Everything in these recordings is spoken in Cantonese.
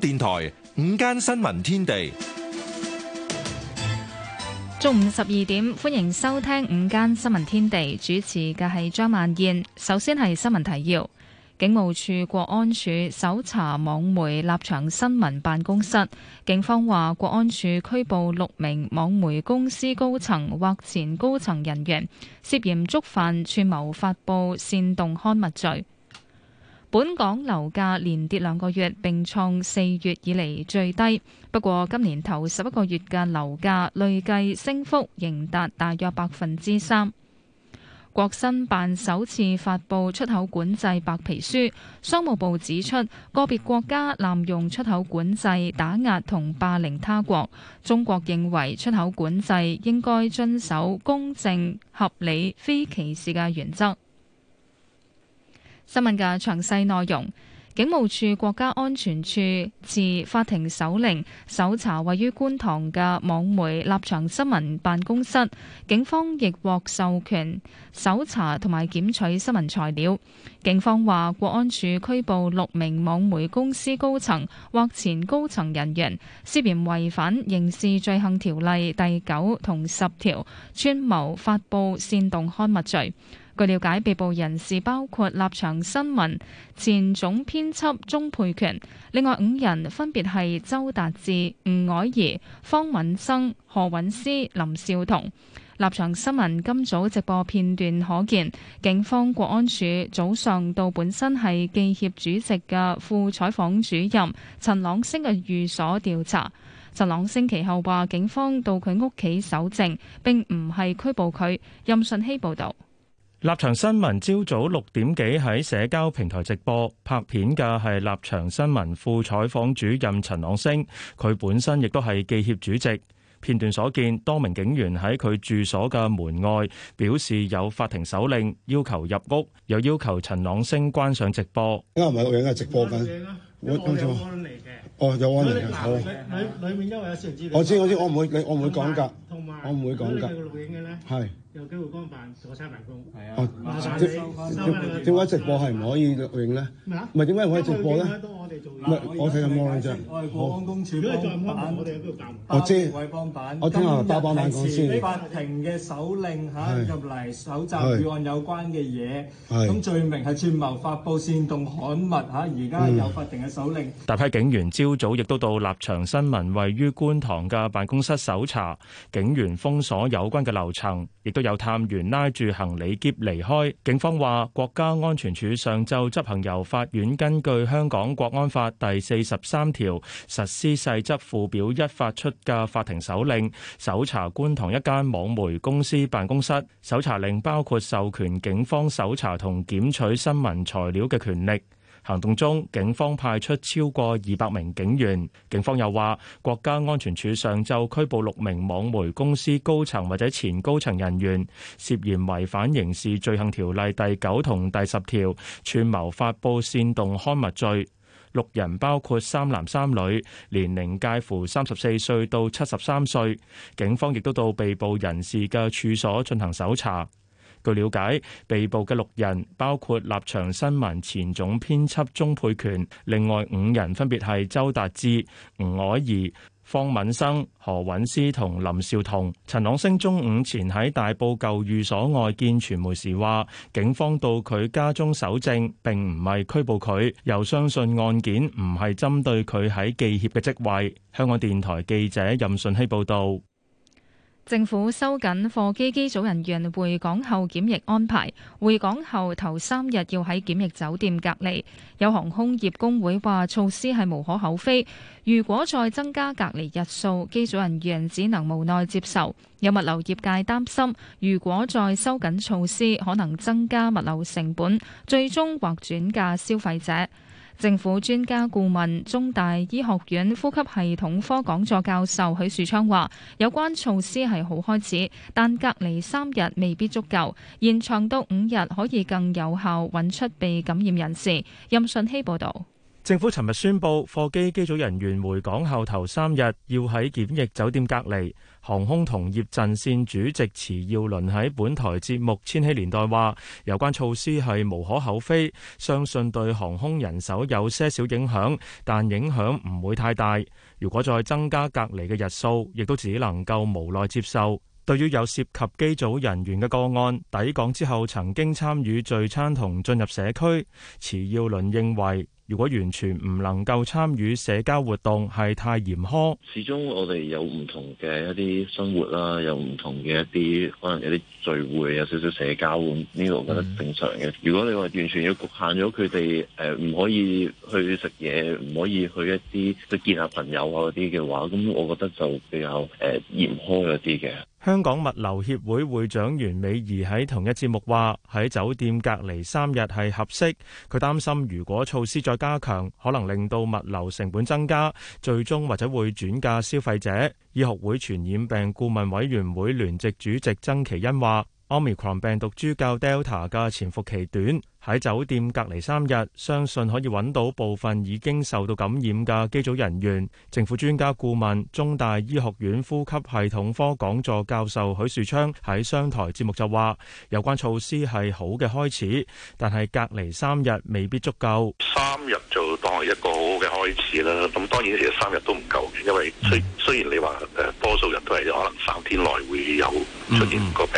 電台午間新聞天地，中午十二點，歡迎收聽午間新聞天地，主持嘅係張曼燕。首先係新聞提要：警務處國安處搜查網媒立場新聞辦公室，警方話國安處拘捕六名網媒公司高層或前高層人員，涉嫌觸犯串謀發佈煽動刊物罪。本港樓價連跌兩個月，並創四月以來最低。不過今年頭十一個月嘅樓價累計升幅仍達大約百分之三。國新辦首次發布出口管制白皮書，商務部指出，個別國家濫用出口管制，打壓同霸凌他國。中國認為出口管制應該遵守公正、合理、非歧視嘅原則。新聞嘅詳細內容，警務處國家安全處持法庭手令搜查位於觀塘嘅網媒立場新聞辦公室。警方亦獲授權搜查同埋檢取新聞材料。警方話，國安處拘捕六名網媒公司高層或前高層人員，涉嫌違反刑事罪行條例第九同十條，串謀發佈煽動刊物罪。據了解，被捕人士包括立場新聞前總編輯鍾沛權，另外五人分別係周達智、吳靄儀、方敏生、何韻詩、林紹桐。立場新聞今早直播片段可見，警方國安處早上到本身係記協主席嘅副採訪主任陳朗昇嘅寓所調查。陳朗昇其後話，警方到佢屋企搜證，並唔係拘捕佢。任信希報道。立場新聞朝早六點幾喺社交平台直播拍片嘅，係立場新聞副採訪主任陳朗昇。佢本身亦都係記協主席。片段所見，多名警員喺佢住所嘅門外表示有法庭手令要求入屋，又要求陳朗昇關上直播。啱唔係錄影，係直播緊。我，我有安利嘅。哦，有安利嘅以。我知我知，我唔會，我唔會講㗎。我唔會講㗎。有機會錄影嘅咧，係有機會幫辦阻差辦公。係啊。點點解直播係唔可以錄影咧？咩啊？唔係點解唔可以直播咧？都我哋做。我係外國長。國安公署幫辦。我知。我聽下八百萬講先。法庭嘅手令嚇入嚟搜集與案有關嘅嘢。係。咁罪名係串謀發布煽動刊物嚇，而家有法庭嘅手令。大批警員朝早亦都到立場新聞位於觀塘嘅辦公室搜查警。警員封鎖有關嘅樓層，亦都有探員拉住行李篋離開。警方話，國家安全處上晝執行由法院根據《香港國安法》第四十三條實施細則附表一發出嘅法庭搜令，搜查觀塘一間網媒公司辦公室。搜查令包括授權警方搜查同檢取新聞材料嘅權力。行動中，警方派出超過二百名警員。警方又話，國家安全處上晝拘捕六名網媒公司高層或者前高層人員，涉嫌違反刑事罪行條例第九同第十條，串謀發布煽動刊物罪。六人包括三男三女，年齡介乎三十四歲到七十三歲。警方亦都到被捕人士嘅處所進行搜查。據了解，被捕嘅六人包括立場新聞前總編輯鐘佩權，另外五人分別係周達志、吳凱儀、方敏生、何韻詩同林紹桐。陳朗升中午前喺大埔舊寓所外見傳媒時話，警方到佢家中搜證，並唔係拘捕佢，又相信案件唔係針對佢喺記協嘅職位。香港電台記者任順希報道。政府收緊貨機機組人員回港後檢疫安排，回港後頭三日要喺檢疫酒店隔離。有航空業工會話措施係無可厚非，如果再增加隔離日數，機組人員只能無奈接受。有物流業界擔心，如果再收緊措施，可能增加物流成本，最終或轉嫁消費者。政府專家顧問、中大醫學院呼吸系統科講座教授許樹昌話：有關措施係好開始，但隔離三日未必足夠，延長到五日可以更有效揾出被感染人士。任信希報導。政府尋日宣布，貨機機組人員回港後頭三日要喺檢疫酒店隔離。航空同業陣線主席池耀倫喺本台節目《千禧年代》話：有關措施係無可厚非，相信對航空人手有些少影響，但影響唔會太大。如果再增加隔離嘅日數，亦都只能夠無奈接受。對於有涉及機組人員嘅個案，抵港之後曾經參與聚餐同進入社區，馳耀倫認為，如果完全唔能夠參與社交活動係太嚴苛。始終我哋有唔同嘅一啲生活啦，有唔同嘅一啲可能，有啲聚會，有少少社交呢個，我覺得正常嘅。如果你話完全要局限咗佢哋誒唔可以去食嘢，唔可以去一啲去見下朋友啊嗰啲嘅話，咁我覺得就比較誒嚴苛一啲嘅。香港物流協會會長袁美儀喺同一節目話，喺酒店隔離三日係合適，佢擔心如果措施再加強，可能令到物流成本增加，最終或者會轉嫁消費者。醫學會傳染病顧問委員會聯席主席曾其欣話。Omicron 病毒株較 Delta 嘅潛伏期短,喺酒店隔離三日,相信可以揾到部分已經受到感染嘅機組人員,政府專家顧問,中大醫學院呼吸系統科講座教授,許樹昌,喺商台節目就話,有關措施係好嘅開始,但係隔離三日未必足夠。三日就當係一個好嘅開始啦,咁當然其實三日都唔夠嘅,因為雖雖然你話,呃,多數人都係可能三天內會有出現嘅 mm.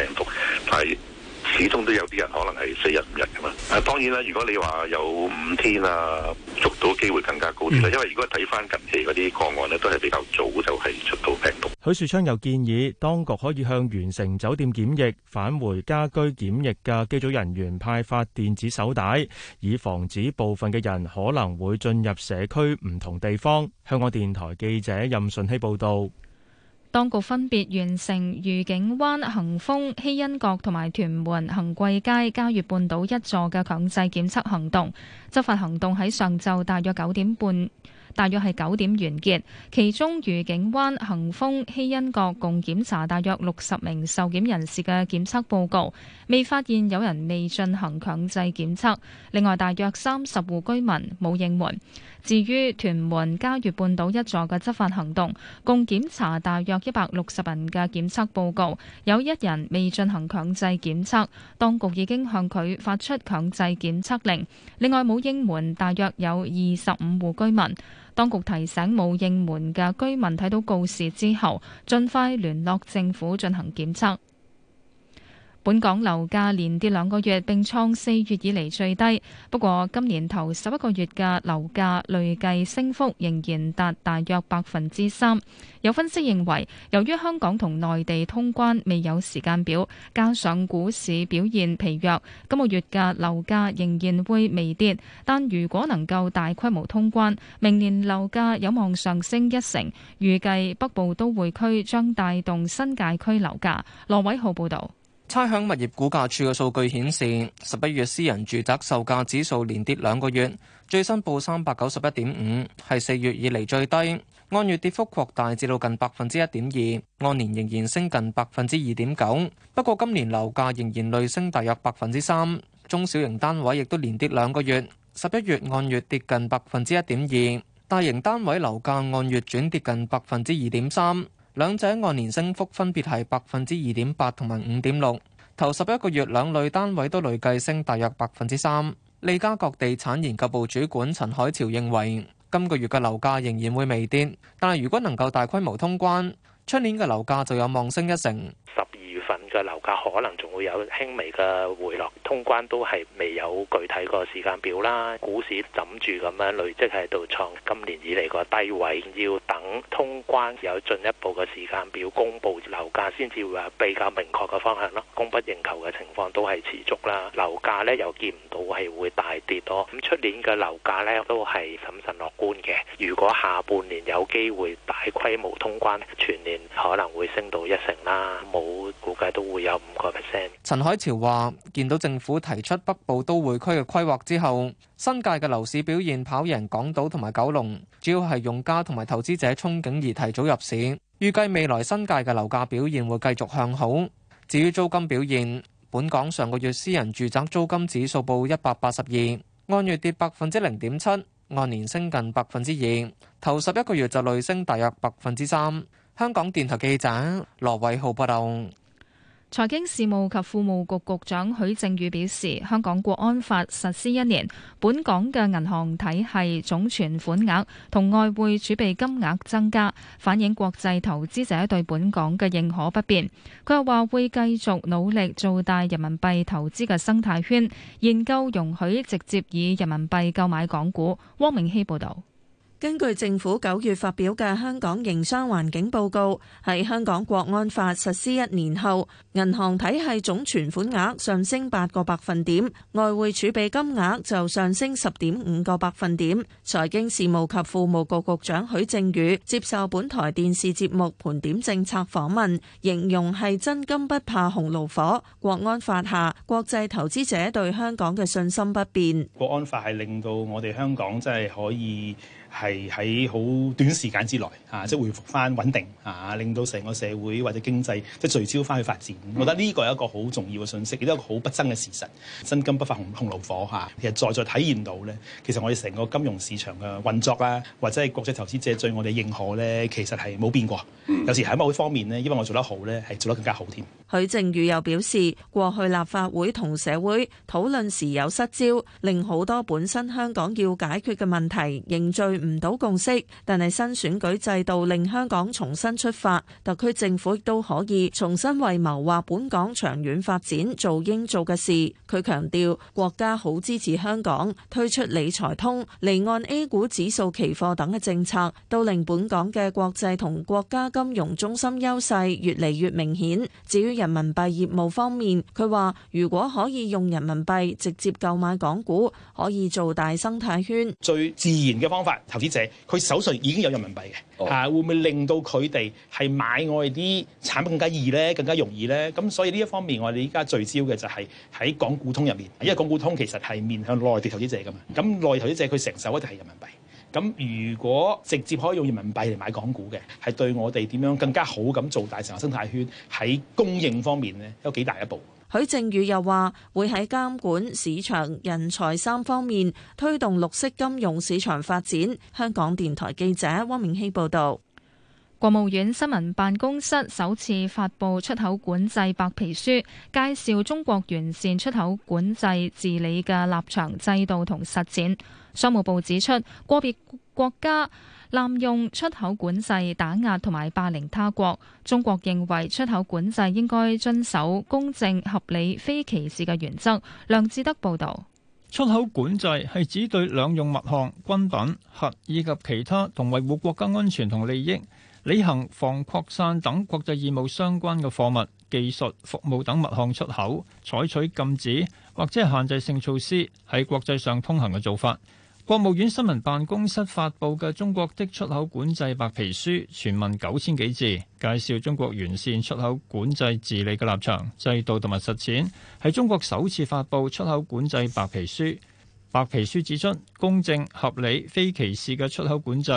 係，始終都有啲人可能係四日五日嘅嘛！當然啦，如果你話有五天啊，捉到機會更加高啲啦。因為如果睇翻近期嗰啲個案呢，都係比較早就係出到病毒。嗯、許樹昌又建議，當局可以向完成酒店檢疫返回家居檢疫嘅機組人員派發電子手帶，以防止部分嘅人可能會進入社區唔同地方。香港電台記者任順希報導。當局分別完成愉景灣、恒豐、希恩閣同埋屯門恒貴街嘉悦半島一座嘅強制檢測行動，執法行動喺上晝大約九點半，大約係九點完結，其中愉景灣、恒豐、希恩閣共檢查大約六十名受檢人士嘅檢測報告，未發現有人未進行強制檢測。另外，大約三十戶居民冇應門。至於屯門嘉悦半島一座嘅執法行動，共檢查大約一百六十人嘅檢測報告，有一人未進行強制檢測，當局已經向佢發出強制檢測令。另外，冇應門大約有二十五戶居民。當局提醒冇應門嘅居民睇到告示之後，盡快聯絡政府進行檢測。本港樓價連跌兩個月，並創四月以嚟最低。不過，今年頭十一個月嘅樓價累計升幅仍然達大約百分之三。有分析認為，由於香港同內地通關未有時間表，加上股市表現疲弱，今個月嘅樓價仍然會微跌。但如果能夠大規模通關，明年樓價有望上升一成。預計北部都會區將帶動新界區樓價。羅偉浩報導。差餉物業估價處嘅數據顯示，十一月私人住宅售價指數連跌兩個月，最新報三百九十一點五，係四月以嚟最低，按月跌幅擴大至到近百分之一點二，按年仍然升近百分之二點九。不過，今年樓價仍然累升大約百分之三，中小型單位亦都連跌兩個月，十一月按月跌近百分之一點二，大型單位樓價按月轉跌近百分之二點三。兩者按年升幅分別係百分之二點八同埋五點六，頭十一個月兩類單位都累計升大約百分之三。利嘉閣地產研究部主管陳海潮認為，今個月嘅樓價仍然會微跌，但係如果能夠大規模通關，出年嘅樓價就有望升一成。份嘅樓價可能仲會有輕微嘅回落，通關都係未有具體個時間表啦。股市枕住咁樣累積喺度創今年以嚟個低位，要等通關有進一步嘅時間表公布樓價，先至會話比較明確嘅方向咯。供不應求嘅情況都係持續啦，樓價咧又見唔到係會大跌咯。咁出年嘅樓價咧都係審慎樂觀嘅。如果下半年有機會大規模通關，全年可能會升到一成啦。冇。各界都會有五個 percent。陳海潮話：見到政府提出北部都會區嘅規劃之後，新界嘅樓市表現跑贏港島同埋九龍，主要係用家同埋投資者憧憬而提早入市。預計未來新界嘅樓價表現會繼續向好。至於租金表現，本港上個月私人住宅租金指數報一百八十二，按月跌百分之零點七，按年升近百分之二，頭十一個月就累升大約百分之三。香港電台記者羅偉浩報道。財經事務及庫務局局長許正宇表示，香港國安法實施一年，本港嘅銀行體系總存款額同外匯儲備金額增加，反映國際投資者對本港嘅認可不變。佢又話會繼續努力做大人民幣投資嘅生態圈，研究容許直接以人民幣購買港股。汪明熙報道。根據政府九月發表嘅香港營商環境報告，喺香港國安法實施一年後，銀行體系總存款額上升八個百分點，外匯儲備金額就上升十點五個百分點。財經事務及庫務局局長許正宇接受本台電視節目盤點政策訪問，形容係真金不怕紅爐火，國安法下國際投資者對香港嘅信心不變。國安法係令到我哋香港真係可以係。係喺好短時間之內啊，即係恢復翻穩定啊，令到成個社會或者經濟即係聚焦翻去發展。嗯、我覺得呢個係一個好重要嘅信息，亦都一個好不爭嘅事實，真金不怕紅爐火嚇、啊。其實再再體驗到咧，其實我哋成個金融市場嘅運作啦、啊，或者係國際投資者對我哋認可咧，其實係冇變過。有時喺某一方面呢，因為我做得好咧，係做得更加好添。許正宇又表示，過去立法會同社會討論時有失焦，令好多本身香港要解決嘅問題凝聚唔到共識，但係新選舉制度令香港重新出發，特區政府亦都可以重新為謀劃本港長遠發展做應做嘅事。佢強調國家好支持香港推出理財通、離岸 A 股指數期貨等嘅政策，都令本港嘅國際同國家金融中心優勢越嚟越明顯。至於人民幣業務方面，佢話如果可以用人民幣直接購買港股，可以做大生態圈，最自然嘅方法投資。佢手上已經有人民幣嘅，嚇、oh. 啊、會唔會令到佢哋係買我哋啲產品更加易咧，更加容易咧？咁所以呢一方面，我哋依家聚焦嘅就係喺港股通入面，因為港股通其實係面向內地投資者㗎嘛。咁內地投資者佢承受一定係人民幣。咁如果直接可以用人民幣嚟買港股嘅，係對我哋點樣更加好咁做大成個生態圈喺供應方面咧，有幾大一步。許正宇又話會喺監管、市場、人才三方面推動綠色金融市場發展。香港電台記者汪明希報導，國務院新聞辦公室首次發布出口管制白皮書，介紹中國完善出口管制治理嘅立場、制度同實踐。.商務部指出，個別國家濫用出口管制打壓同埋霸凌他國，中國認為出口管制應該遵守公正、合理、非歧視嘅原則，梁志德報道，出口管制係指對兩用物項、軍品、核以及其他同維護國家安全同利益、履行防擴散等國際義務相關嘅貨物、技術、服務等物項出口採取禁止或者限制性措施，喺國際上通行嘅做法。國務院新聞辦公室發佈嘅《中國的出口管制白皮書》，全文九千幾字，介紹中國完善出口管制治理嘅立場、制度同埋實踐，係中國首次發佈出口管制白皮書。白皮書指出，公正合理、非歧視嘅出口管制，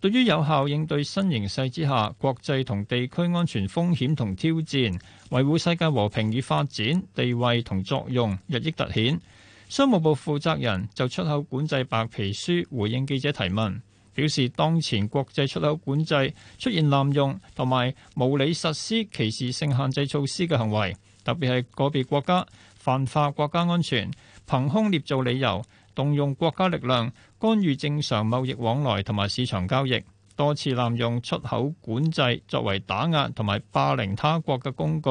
對於有效應對新形勢之下國際同地區安全風險同挑戰，維護世界和平與發展，地位同作用日益突顯。商務部負責人就出口管制白皮書回應記者提問，表示當前國際出口管制出現濫用同埋無理實施歧視性限制措施嘅行為，特別係個別國家泛化國家安全，憑空捏造理由，動用國家力量干預正常貿易往來同埋市場交易，多次濫用出口管制作為打壓同埋霸凌他國嘅工具，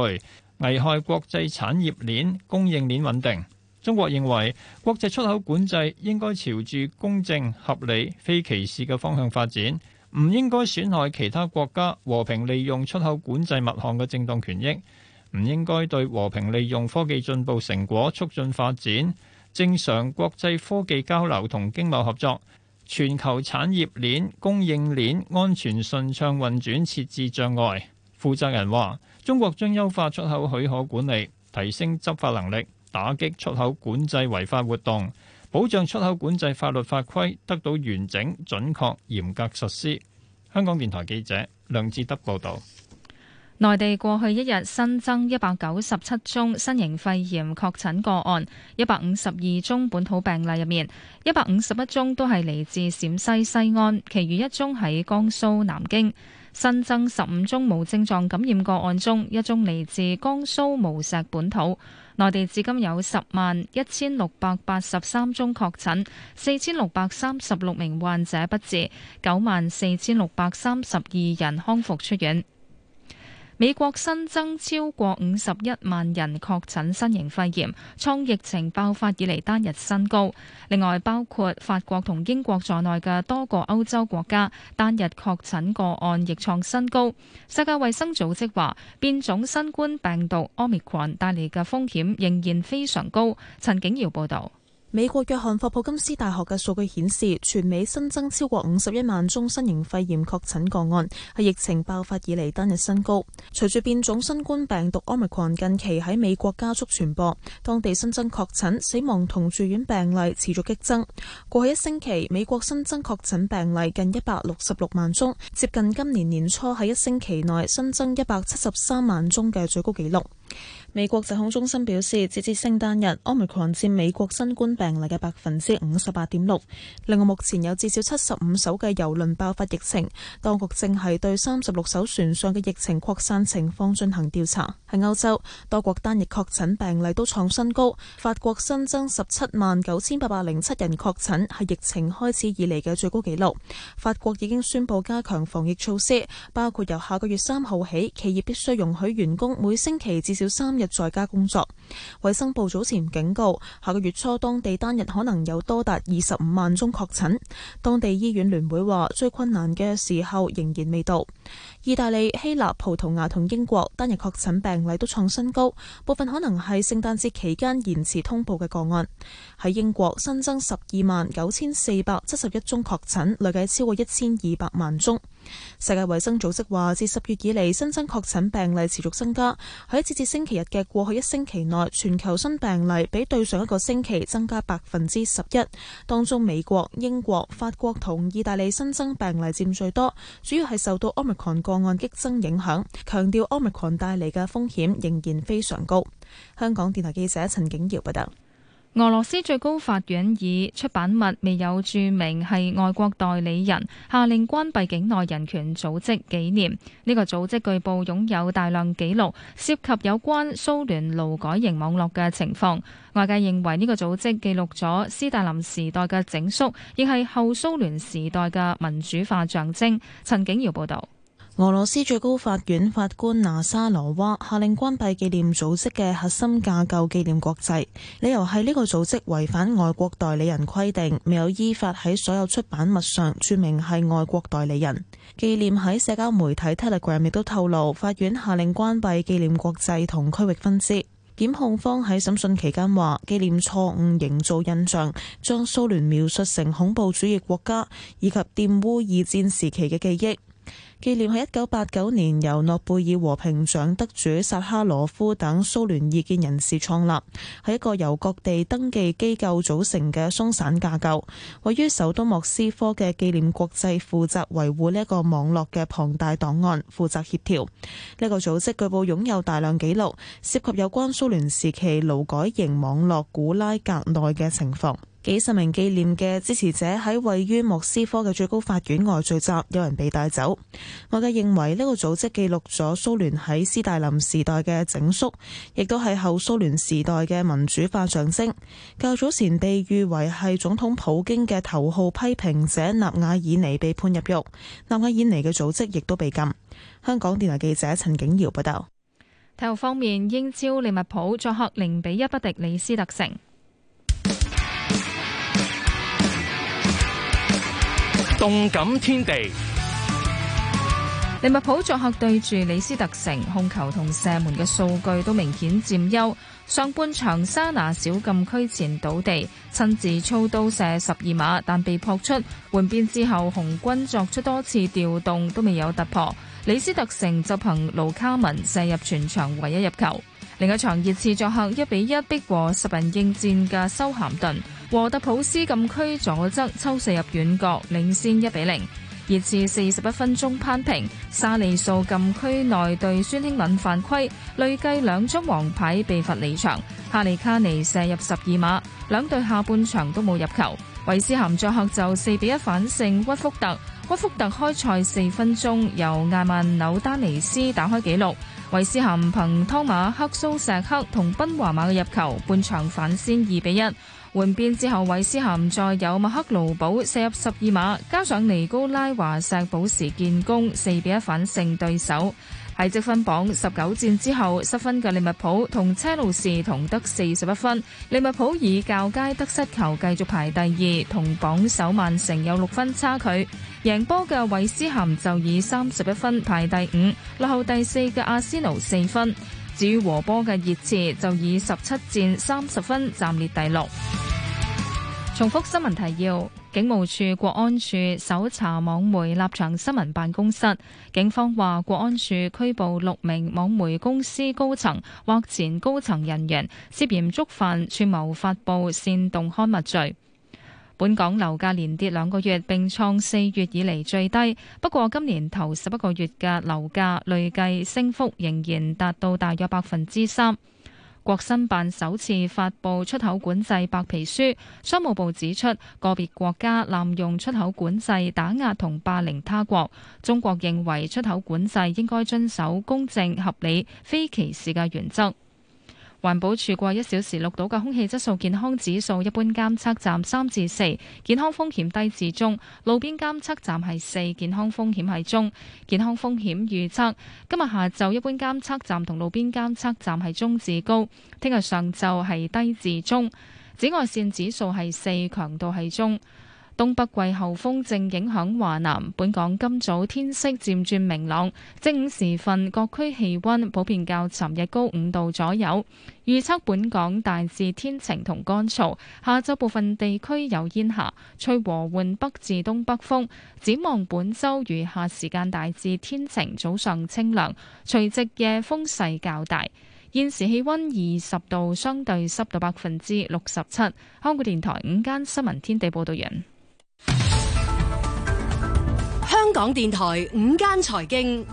危害國際產業鏈、供應鏈穩定。中國認為，國際出口管制應該朝住公正、合理、非歧視嘅方向發展，唔應該損害其他國家和平利用出口管制物項嘅正當權益，唔應該對和平利用科技進步成果、促進發展、正常國際科技交流同經貿合作、全球產業鏈供應鏈安全順暢運轉設置障礙。負責人話：中國將優化出口許可管理，提升執法能力。打擊出口管制違法活動，保障出口管制法律法規得到完整、準確、嚴格實施。香港電台記者梁志德報道。內地過去一日新增一百九十七宗新型肺炎確診個案，一百五十二宗本土病例入面，一百五十一宗都係嚟自陝西西安，其餘一宗喺江蘇南京。新增十五宗無症狀感染個案中，一宗嚟自江蘇無錫本土。內地至今有十萬一千六百八十三宗確診，四千六百三十六名患者不治，九萬四千六百三十二人康復出院。美國新增超過五十一萬人確診新型肺炎，創疫情爆發以嚟單日新高。另外，包括法國同英國在內嘅多個歐洲國家，單日確診個案亦創新高。世界衛生組織話，變種新冠病毒 Omicron 帶嚟嘅風險仍然非常高。陳景耀報道。美國約翰霍普金斯大學嘅數據顯示，全美新增超過五十一萬宗新型肺炎確診個案，係疫情爆發以嚟單日新高。隨住變種新冠病毒 Omicron 近期喺美國加速傳播，當地新增確診、死亡同住院病例持續激增。過去一星期，美國新增確診病例近一百六十六萬宗，接近今年年初喺一星期內新增一百七十三萬宗嘅最高紀錄。美國疾控中心表示，截至聖誕日，奧密克戎佔美國新冠病例嘅百分之五十八點六。另外，目前有至少七十五艘嘅郵輪爆發疫情，當局正係對三十六艘船上嘅疫情擴散情況進行調查。喺歐洲，多國單日確診病例都創新高。法國新增十七萬九千八百零七人確診，係疫情開始以嚟嘅最高紀錄。法國已經宣布加強防疫措施，包括由下個月三號起，企業必須容許員工每星期至少三日。在家工作。衛生部早前警告，下個月初當地單日可能有多達二十五萬宗確診。當地醫院聯會話，最困難嘅時候仍然未到。意大利、希臘、葡萄牙同英國單日確診病例都創新高，部分可能係聖誕節期間延遲通報嘅個案。喺英國新增十二萬九千四百七十一宗確診，累計超過一千二百萬宗。世界衛生組織話，自十月以嚟，新增確診病例持續增加。喺截至星期日嘅過去一星期內，全球新病例比對上一個星期增加百分之十一。當中，美國、英國、法國同意大利新增病例佔最多，主要係受到 Omicron 個案激增影響。強調 Omicron 帶嚟嘅風險仍然非常高。香港電台記者陳景瑤報道。俄羅斯最高法院以出版物未有注明係外國代理人，下令關閉境內人權組織紀念呢、呢個組織。據報擁有大量記錄，涉及有關蘇聯勞改營網絡嘅情況。外界認為呢個組織記錄咗斯大林時代嘅整肅，亦係後蘇聯時代嘅民主化象徵。陳景堯報道。俄羅斯最高法院法官娜莎羅娃下令關閉紀念組織嘅核心架構紀念國際，理由係呢個組織違反外國代理人規定，未有依法喺所有出版物上注明係外國代理人。紀念喺社交媒體 Telegram 亦都透露，法院下令關閉紀念國際同區域分支。檢控方喺審訊期間話，紀念錯誤營造印象，將蘇聯描述成恐怖主義國家，以及玷污二戰時期嘅記憶。紀念喺一九八九年由諾貝爾和平獎得主薩哈羅夫等蘇聯異見人士創立，係一個由各地登記機構組成嘅鬆散架構，位於首都莫斯科嘅紀念國際負責維護呢一個網絡嘅龐大檔案，負責協調呢、這個組織，據報擁有大量記錄，涉及有關蘇聯時期勞改營網絡古拉格內嘅情況。幾十名紀念嘅支持者喺位於莫斯科嘅最高法院外聚集，有人被帶走。外界認為呢個組織記錄咗蘇聯喺斯大林時代嘅整肅，亦都係後蘇聯時代嘅民主化上升。較早前被譽為係總統普京嘅頭號批評者納瓦爾尼被判入獄，納瓦爾尼嘅組織亦都被禁。香港電台記者陳景堯報道。體育方面，英超利物浦作客零比一不敵李斯特城。動感天地，利物浦作客對住李斯特城，控球同射門嘅數據都明顯佔優。上半場沙拿小禁區前倒地，親自操刀射十二碼，但被撲出。換邊之後，紅軍作出多次調動，都未有突破。李斯特城就憑盧卡文射入全場唯一入球。另一場熱刺作客一比一逼和十人應戰嘅修咸頓，和特普斯禁區左側抽射入遠角，領先一比零。熱刺四十一分鐘扳平，沙利素禁區內對孫興敏犯規，累計兩張黃牌被罰離場。哈利卡尼射入十二碼，兩隊下半場都冇入球。韋斯咸作客就四比一反勝屈福特，屈福特開賽四分鐘由艾曼紐丹尼斯打開紀錄。韋斯咸憑湯馬克蘇石克同賓華馬嘅入球，半場反先二比一。換邊之後，韋斯咸再有麥克勞寶射入十二碼，加上尼高拉華石保時建功，四比一反勝對手。喺積分榜十九戰之後，失分嘅利物浦同車路士同得四十一分，利物浦以較佳得失球繼續排第二，同榜首曼城有六分差距。贏波嘅韋斯咸就以三十一分排第五，落後第四嘅阿仙奴四分。至於和波嘅熱刺就以十七戰三十分暫列第六。重複新聞提要。警務處國安處搜查網媒立場新聞辦公室，警方話國安處拘捕六名網媒公司高層或前高層人員，涉嫌觸犯串謀發佈煽動刊物罪。本港樓價連跌兩個月，並創四月以來最低。不過今年頭十一個月嘅樓價累計升幅仍然達到大約百分之三。國新辦首次發佈出口管制白皮書，商務部指出個別國家濫用出口管制打壓同霸凌他國，中國認為出口管制應該遵守公正、合理、非歧視嘅原則。環保署過一小時錄到嘅空氣質素健康指數，一般監測站三至四，健康風險低至中；路邊監測站係四，健康風險係中。健康風險預測：今日下晝一般監測站同路邊監測站係中至高，聽日上晝係低至中。紫外線指數係四，強度係中。東北季候風正影響華南，本港今早天色漸轉明朗，正午時分各區氣温普遍較尋日高五度左右。預測本港大致天晴同乾燥，下晝部分地區有煙霞，吹和緩北至東北風。展望本週，餘下時間大致天晴，早上清涼，除夕夜風勢較大。現時氣温二十度，相對濕度百分之六十七。香港電台午間新聞天地報道完。港電台午間財經。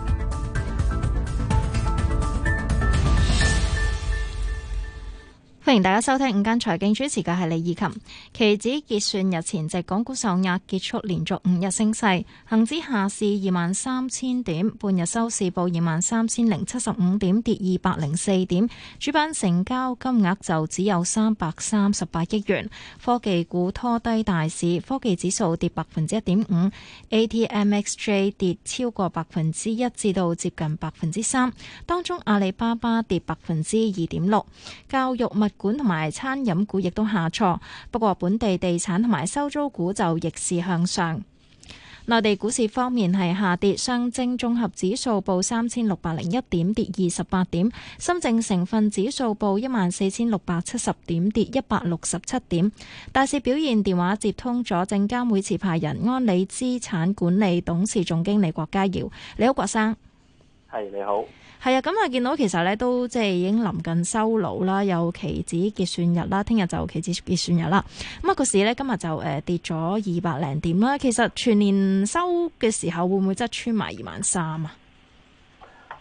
歡迎大家收聽午間財經，主持嘅係李以琴。期指結算日前，即港股受壓，結束連續五日升勢。恒指下市二萬三千點，半日收市報二萬三千零七十五點，跌二百零四點。主板成交金額就只有三百三十八億元。科技股拖低大市，科技指數跌百分之一點五，ATMXJ 跌超過百分之一，至到接近百分之三。當中阿里巴巴跌百分之二點六，教育物。管同埋餐飲股亦都下挫，不過本地地產同埋收租股就逆市向上。內地股市方面係下跌，上證綜合指數報三千六百零一點，跌二十八點，深證成分指數報一萬四千六百七十點，跌一百六十七點。大市表現，電話接通咗證監會持牌人安理資產管理董事總經理郭家堯，你好郭生。係，你好。係啊，咁啊，見到其實咧都即係已經臨近收爐啦，有期指結算日啦，聽日就期指結算日啦。咁啊，個市咧今日就誒、呃、跌咗二百零點啦。其實全年收嘅時候會唔會即係穿埋二萬三啊？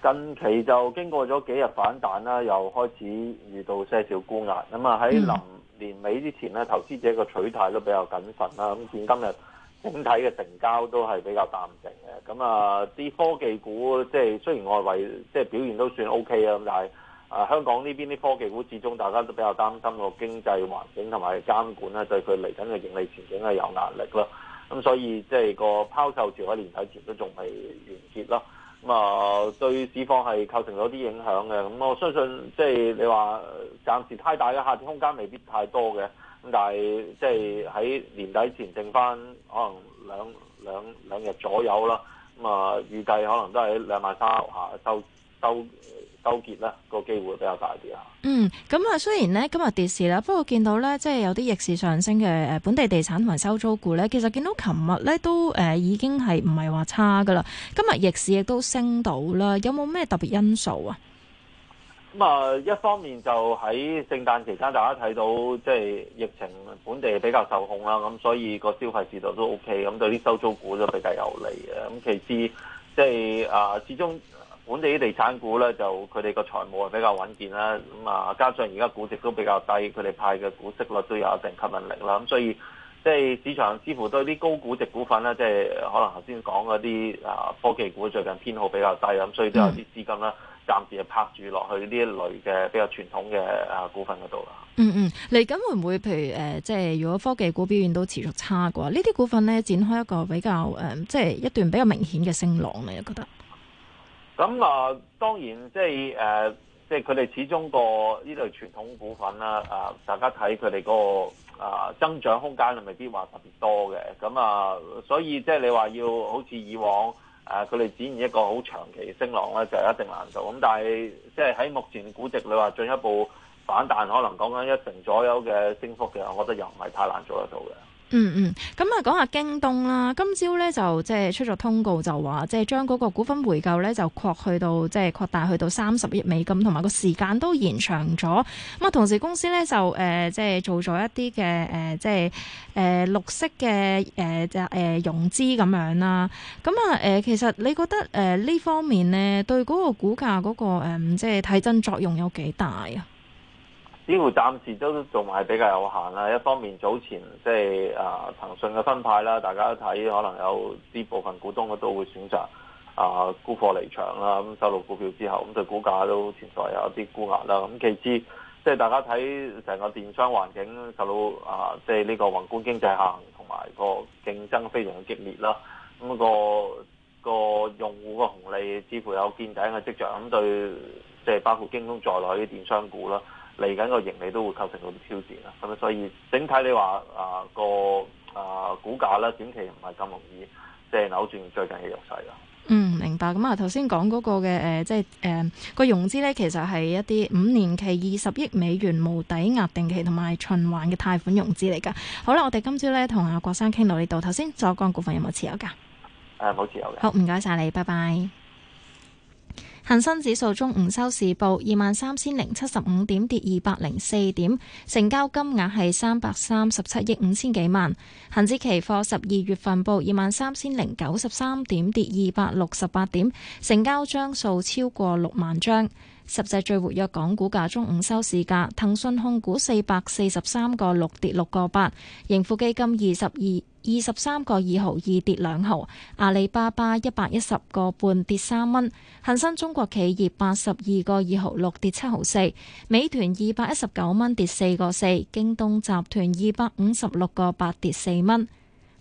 近期就經過咗幾日反彈啦，又開始遇到些少沽壓。咁啊喺臨年尾之前咧，嗯、投資者個取態都比較謹慎啦。咁見今日。整體嘅成交都係比較淡靜嘅，咁啊啲科技股即係雖然外圍即係表現都算 OK 啊，咁但係啊香港呢邊啲科技股始終大家都比較擔心個經濟環境同埋監管咧對佢嚟緊嘅盈利前景係有壓力啦，咁、啊、所以即係個拋售潮喺年底前都仲未完結啦，咁啊對市況係構成咗啲影響嘅，咁我相信即係你話暫時太大嘅下跌空間未必太多嘅。但係即係喺年底前剩返可能兩兩兩日左右啦，咁啊預計可能都係兩萬三下收收收結啦，個機會比較大啲啊。嗯，咁、嗯、啊雖然咧今日跌市啦，不過見到咧即係有啲逆市上升嘅誒本地地產同埋收租股咧，其實見到琴日咧都誒、呃、已經係唔係話差㗎喇，今日逆市亦都升到啦，有冇咩特別因素啊？咁啊，一方面就喺聖誕期間，大家睇到即係疫情本地比較受控啦，咁所以個消費市道都 OK，咁對啲收租股都比較有利嘅。咁其次、就是，即係啊，始終本地啲地產股咧，就佢哋個財務係比較穩健啦。咁啊，加上而家估值都比較低，佢哋派嘅股息率都有一定吸引力啦。咁所以，即係市場似乎對啲高估值股份咧，即、就、係、是、可能頭先講嗰啲啊科技股最近偏好比較低，咁所以都有啲資金啦。暫時係拍住落去呢一類嘅比較傳統嘅啊股份嗰度啦。嗯嗯，嚟緊會唔會譬如誒、呃，即係如果科技股表現都持續差嘅話，呢啲股份咧展開一個比較誒、呃，即係一段比較明顯嘅升浪咧，你覺得？咁啊、嗯呃，當然即係誒，即係佢哋始終個呢類傳統股份啦。啊、呃，大家睇佢哋嗰個啊、呃、增長空間係未必話特別多嘅。咁、嗯、啊、呃，所以即係你話要好似以往。誒，佢哋展現一個好長期升浪咧，就一定難做。咁但係，即係喺目前估值，你話進一步反彈，可能講緊一成左右嘅升幅嘅，我覺得又唔係太難做得到嘅。嗯嗯，咁啊，講下京東啦。今朝咧就即係出咗通告就，就話即係將嗰個股份回購咧就擴去到即係、即係、擴大去到三十億美金，同埋個時間都延長咗。咁啊，同時公司咧就誒即係做咗一啲嘅誒即係誒綠色嘅誒誒融資咁樣啦。咁啊誒，其實你覺得誒呢、呃、方面咧對嗰個股價嗰、嗰個誒即係提振作用有幾大啊？似乎暫時都仲係比較有限啦。一方面早前即係啊騰訊嘅分派啦，大家睇可能有啲部分股東都會選擇啊沽貨離場啦。咁、嗯、收落股票之後，咁、嗯、對股價都潛在有一啲沽壓啦。咁、嗯、其次即係大家睇成個電商環境受到啊，即係呢個宏觀經濟下行同埋個競爭非常激烈啦。咁、嗯嗯嗰個個用戶個紅利似乎有見底嘅跡象，咁、嗯、對即係包括京東在內啲電商股啦。嚟緊個盈利都會構成好多挑戰啦，咁所以整體你話啊個啊、呃、股價啦，短期唔係咁容易即係、就是、扭轉最近嘅趨勢啦。嗯，明白。咁啊頭先講嗰個嘅誒、呃，即係誒、呃、個融資咧，其實係一啲五年期二十億美元無抵押定期同埋循環嘅貸款融資嚟㗎。好啦，我哋今朝咧同阿郭生傾到呢度。頭先所講股份有冇持有㗎？誒冇、呃、持有嘅。好，唔該晒你，拜拜。恒生指數中午收市報二萬三千零七十五點，跌二百零四點，成交金額係三百三十七億五千幾萬。恒指期貨十二月份報二萬三千零九十三點，跌二百六十八點，成交張數超過六萬張。十隻最活躍港股價中午收市價，騰訊控股四百四十三個六跌六個八，盈富基金二十二。二十三個二毫二跌兩毫，阿里巴巴一百一十個半跌三蚊，恒生中國企業八十二個二毫六跌七毫四，美團二百一十九蚊跌四個四，京東集團二百五十六個八跌四蚊，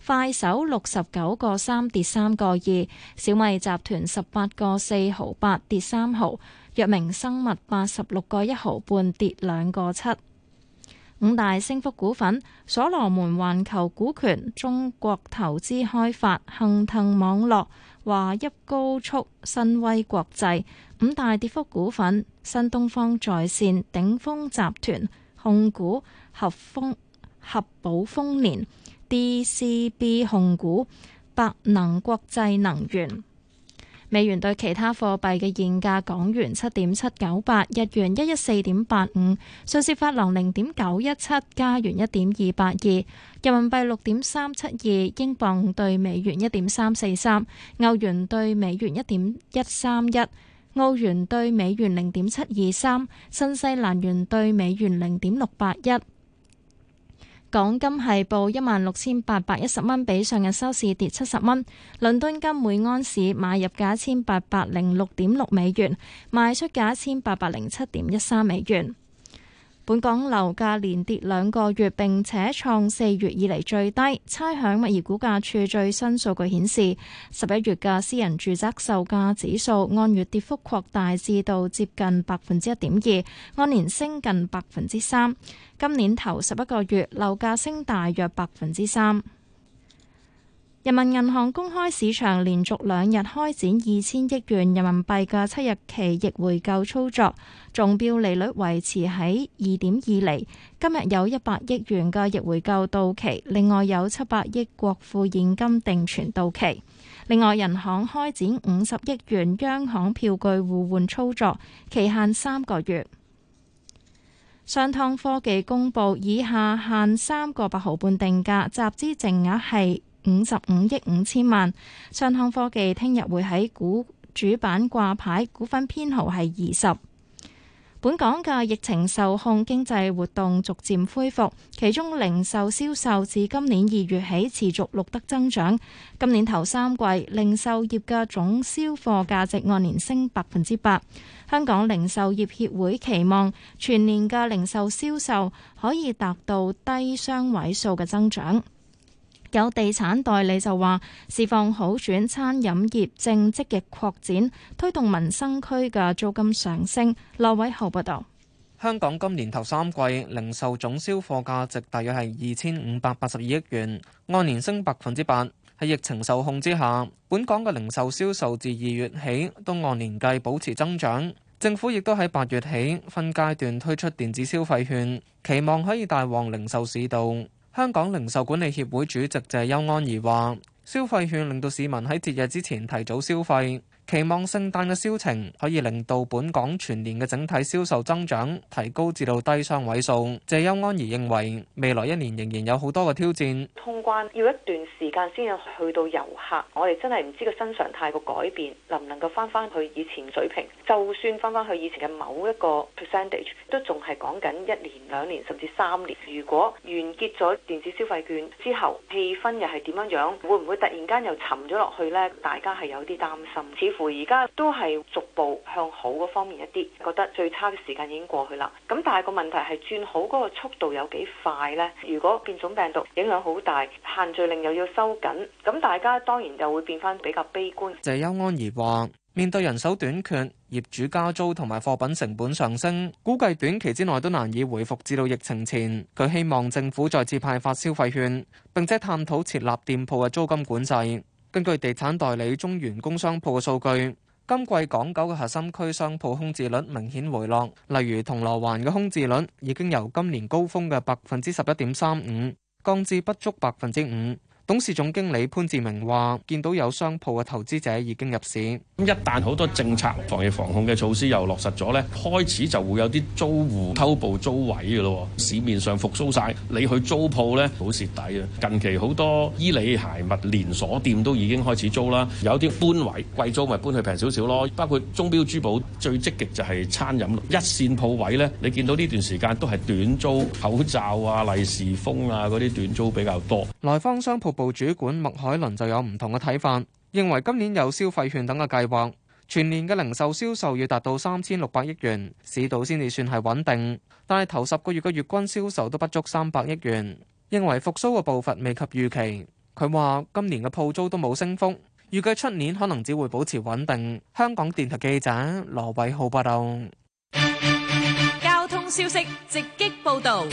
快手六十九個三跌三個二，小米集團十八個四毫八跌三毫，藥明生物八十六個一毫半跌兩個七。五大升幅股份：所羅門環球股權、中國投資開發、恆騰網絡、華一高速、新威國際。五大跌幅股份：新東方在線、頂峰集團控股、合豐合寶豐年、DCB 控股、百能國際能源。美元兌其他貨幣嘅現價：港元七點七九八，日元一一四點八五，瑞士法郎零點九一七，加元一點二八二，人民幣六點三七二，英鎊對美元一點三四三，歐元對美元一點一三一，澳元對美元零點七二三，新西蘭元對美元零點六八一。港金係報一萬六千八百一十蚊，16，比上日收市跌七十蚊。倫敦金每安士買入價一千八百零六點六美元，賣出價一千八百零七點一三美元。本港樓價連跌兩個月，並且創四月以嚟最低。差餉物業估價署最新數據顯示，十一月嘅私人住宅售價指數按月跌幅擴大至到接近百分之一點二，按年升近百分之三。今年頭十一個月樓價升大約百分之三。人民銀行公開市場連續兩日開展二千億元人民幣嘅七日期逆回購操作，中標利率維持喺二點二厘。今日有一百億元嘅逆回購到期，另外有七百億國庫現金定存到期。另外，人行開展五十億元央行票據互換操作，期限三個月。上趟科技公布以下限三個八毫半定價，集資淨額係。五十五億五千萬。上行科技聽日會喺股主板掛牌，股份編號係二十。本港嘅疫情受控，經濟活動逐漸恢復，其中零售銷售自今年二月起持續錄得增長。今年頭三季零售業嘅總銷貨價值按年升百分之八。香港零售業協會期望全年嘅零售銷售可以達到低雙位數嘅增長。有地產代理就話，市況好轉，餐飲業正積極擴展，推動民生區嘅租金上升。羅偉豪報道：香港今年頭三季零售總銷貨價值大約係二千五百八十二億元，按年升百分之八。喺疫情受控之下，本港嘅零售銷售自二月起都按年計保持增長。政府亦都喺八月起分階段推出電子消費券，期望可以帶旺零售市道。香港零售管理協會主席謝邱安儀話：消費券令到市民喺節日之前提早消費。期望聖誕嘅銷情可以令到本港全年嘅整體銷售增長提高至到低雙位數。謝邱安儀認為未來一年仍然有好多嘅挑戰。通關要一段時間先至去到遊客，我哋真係唔知個新常態個改變能唔能夠返返去以前水平。就算返返去以前嘅某一個 percentage，都仲係講緊一年、兩年甚至三年。如果完結咗電子消費券之後，氣氛又係點樣樣，會唔會突然間又沉咗落去呢？大家係有啲擔心，而家都係逐步向好嗰方面一啲，覺得最差嘅時間已經過去啦。咁但係個問題係轉好嗰個速度有幾快呢？如果變種病毒影響好大，限聚令又要收緊，咁大家當然就會變翻比較悲觀。謝優安怡話：面對人手短缺、業主加租同埋貨品成本上升，估計短期之內都難以回復至到疫情前。佢希望政府再次派發消費券，並且探討設立店鋪嘅租金管制。根據地產代理中原工商鋪嘅數據，今季港九嘅核心區商鋪空置率明顯回落，例如銅鑼灣嘅空置率已經由今年高峰嘅百分之十一點三五降至不足百分之五。董事總經理潘志明話，見到有商鋪嘅投資者已經入市。咁一旦好多政策防疫防控嘅措施又落實咗咧，開始就會有啲租戶偷步租位嘅咯。市面上復甦晒，你去租鋪咧好蝕底啊！近期好多衣裏鞋襪連鎖店都已經開始租啦，有啲搬位貴租咪搬去平少少咯。包括鐘錶珠寶最積極就係餐飲一線鋪位咧，你見到呢段時間都係短租口罩啊、利是封啊嗰啲短租比較多。來方商鋪。部主管麥海倫就有唔同嘅睇法，認為今年有消費券等嘅計劃，全年嘅零售銷售要達到三千六百億元，市道先至算係穩定。但係頭十個月嘅月均銷售都不足三百億元，認為復甦嘅步伐未及預期。佢話今年嘅鋪租都冇升幅，預計出年可能只會保持穩定。香港電台記者羅偉浩報道。交通消息直擊報道。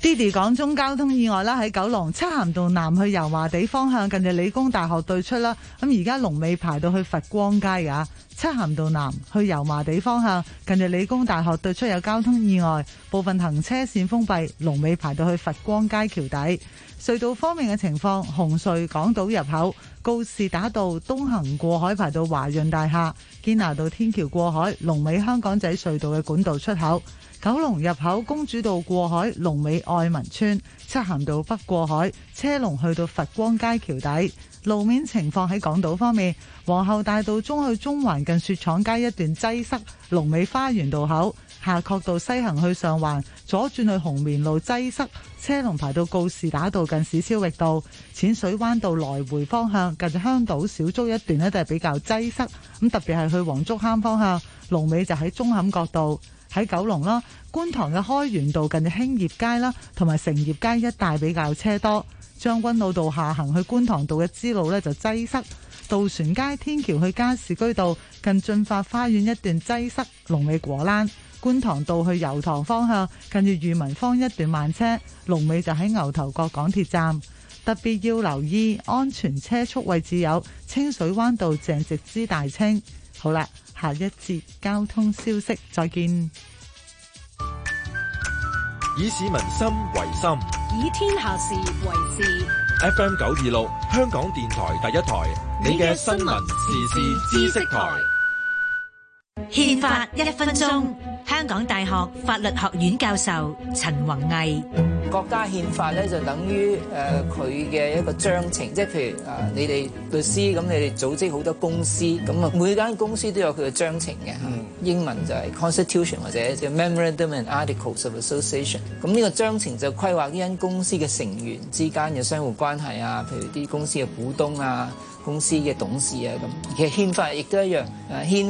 d i d y 講中交通意外啦，喺九龍漆咸道南去油麻地方向，近住理工大學對出啦。咁而家龍尾排到去佛光街噶，漆咸道南去油麻地方向，近住理工大學對出有交通意外，部分行車線封閉，龍尾排到去佛光街橋底。隧道方面嘅情況，紅隧港島入口、告士打道東行過海排到華潤大廈堅拿道天橋過海，龍尾香港仔隧道嘅管道出口。九龍入口公主道過海，龍尾愛民村；出行到北過海，車龍去到佛光街橋底。路面情況，喺港島方面，皇后大道中去中環近雪廠街一段擠塞，龍尾花園道口；夏慤道西行去上環，左轉去紅棉路擠塞，車龍排到告士打道近史超域道；淺水灣道來回方向近香島小築一段呢都係比較擠塞，咁特別係去黃竹坑方向，龍尾就喺中坎角道。喺九龍啦，觀塘嘅開源道近住興業街啦，同埋成業街一帶比較車多。將軍澳道下行去觀塘道嘅支路呢，就擠塞。渡船街天橋去加士居道近駿發花園一段擠塞。龍尾果欄，觀塘道去油塘方向近住裕民坊一段慢車。龍尾就喺牛頭角港鐵站。特別要留意安全車速位置有清水灣道鄭植之大清。好啦。下一節交通消息，再見。以市民心為心，以天下事為事。FM 九二六，M、26，香港電台第一台，你嘅新聞時事知識台。憲法一分鐘。香港大學法律學院教授陳宏毅國家憲法咧就等於呃佢嘅一個章程即係譬如啊你哋律師咁你哋組織好多公司咁每間公司都有佢嘅章程嘅英文就係 constitution 或者 memorandum and articles of association 咁呢個章程就規劃呢間公司的成員之間的相互關係啊譬如啲公司的股東啊公司的董事啊咁其實憲法亦都一樣